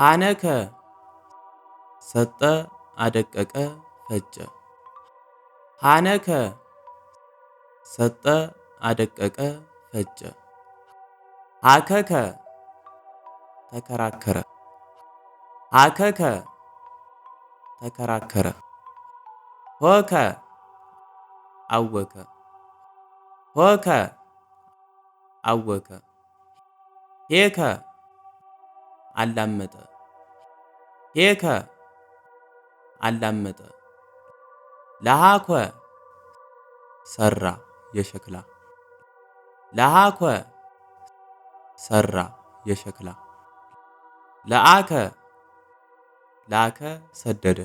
ሐነከ ሰጠ አደቀቀ ፈጀ ሐነከ ሰጠ አደቀቀ ፈጀ አከከ ተከራከረ አከከ ተከራከረ ሆከ አወከ ሆከ አወከ ሄከ አላመጠ ሄከ አላመጠ ለሃኮ ሰራ የሸክላ ለሃኮ ሰራ የሸክላ ለአከ ላከ ሰደደ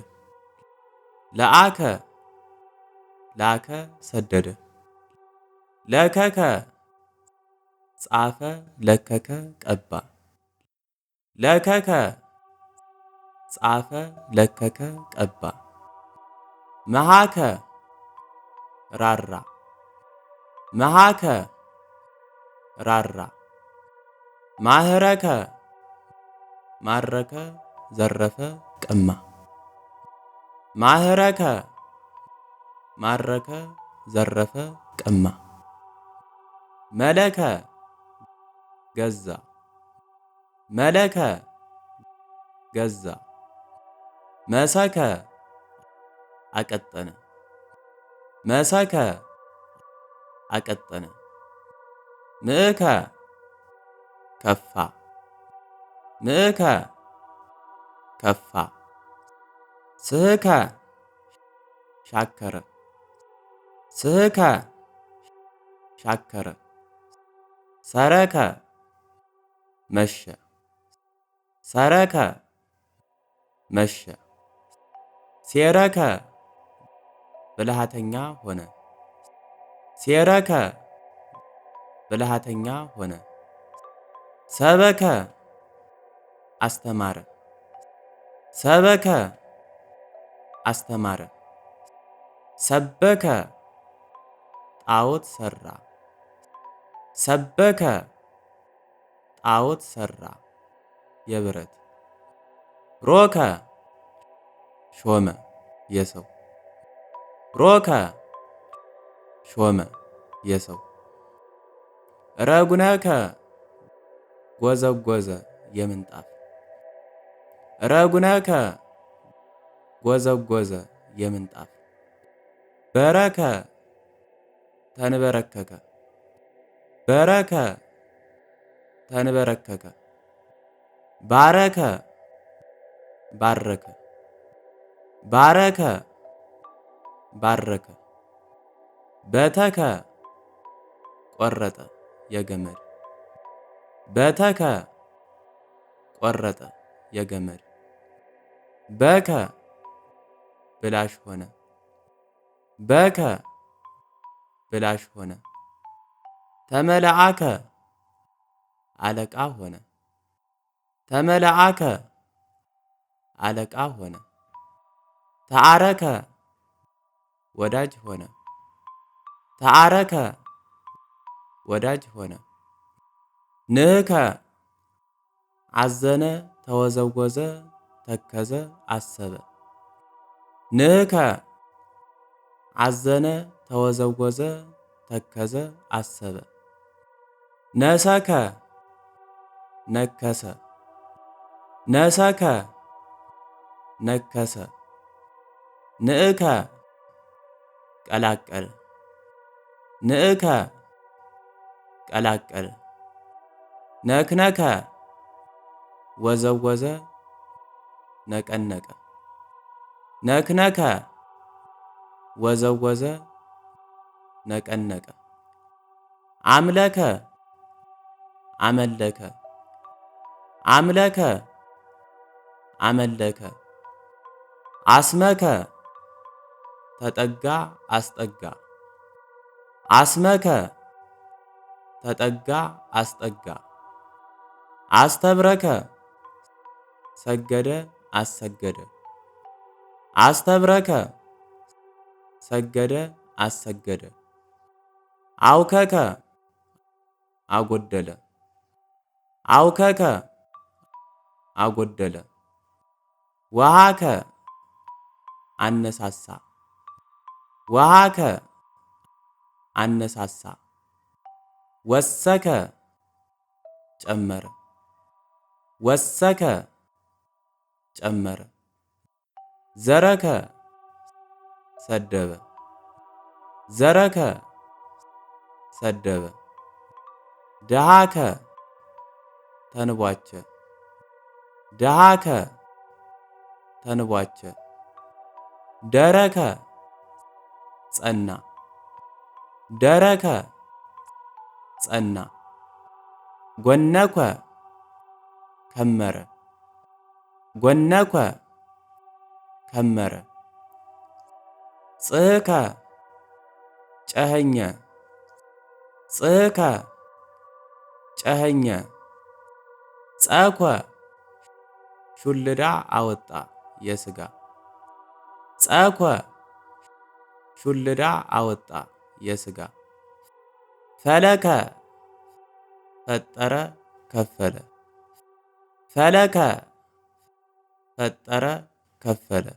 ለአከ ላከ ሰደደ ለከከ ጻፈ ለከከ ቀባ ለከከ ጻፈ ለከከ ቀባ መሃከ ራራ መሃከ ራራ ማህረከ ማረከ ዘረፈ ቀማ ማህረከ ማረከ ዘረፈ ቀማ መለከ ገዛ መለከ ገዛ መሰከ አቀጠነ መሰከ አቀጠነ ምእከ ከፋ ምእከ ከፋ ስህከ ሻከረ ስህከ ሻከረ ሰረከ መሸ ሰረከ መሸ ሴረከ ብልሃተኛ ሆነ ሴረከ ብልሃተኛ ሆነ ሰበከ አስተማረ ሰበከ አስተማረ ሰበከ ጣዖት ሰራ ሰበከ ጣዖት ሰራ የብረት ሮከ ሾመ የሰው ሮከ ሾመ የሰው ረጉነከ ጎዘጎዘ የምንጣፍ ረጉነከ ጎዘጎዘ የምንጣፍ በረከ ተንበረከከ በረከ ተንበረከከ ባረከ ባረከ باركة باركة باتكا قرطة يا جمر باتكا قرطة يا جمر باكا بلاش هنا باكا بلاش هنا تملعك عليك هنا تملعك على هنا ተአረከ ወዳጅ ሆነ። ተአረከ ወዳጅ ሆነ። ንህከ አዘነ፣ ተወዘወዘ፣ ተከዘ፣ አሰበ። ንህከ አዘነ፣ ተወዘወዘ፣ ተከዘ፣ አሰበ። ነሰከ ነከሰ፣ ነሰከ ነከሰ ንእከ ቀላቀል ንእከ ቀላቀል ነክነከ ወዘወዘ ነቀነቀ ነክነከ ወዘወዘ ነቀነቀ አምለከ አመለከ አምለከ አመለከ አስመከ ተጠጋ አስጠጋ አስመከ ተጠጋ አስጠጋ አስተብረከ ሰገደ አሰገደ አስተብረከ ሰገደ አሰገደ አውከከ አጎደለ አውከከ አጎደለ ወሃከ አነሳሳ ወሃከ አነሳሳ ወሰከ ጨመረ ወሰከ ጨመረ ዘረከ ሰደበ ዘረከ ሰደበ ደሃከ ተንቧቸ ደሃከ ተንቧቸ ደረከ ጸና ደረከ ጸና ጎነኮ ከመረ ጎነኳ ከመረ ጽህከ ጨኸኘ ጽህከ ጨኸኘ ጸኳ ሹልዳ አወጣ የስጋ ጸኳ ሹልዳ አወጣ የስጋ ፈለከ ፈጠረ ከፈለ ፈለከ ፈጠረ ከፈለ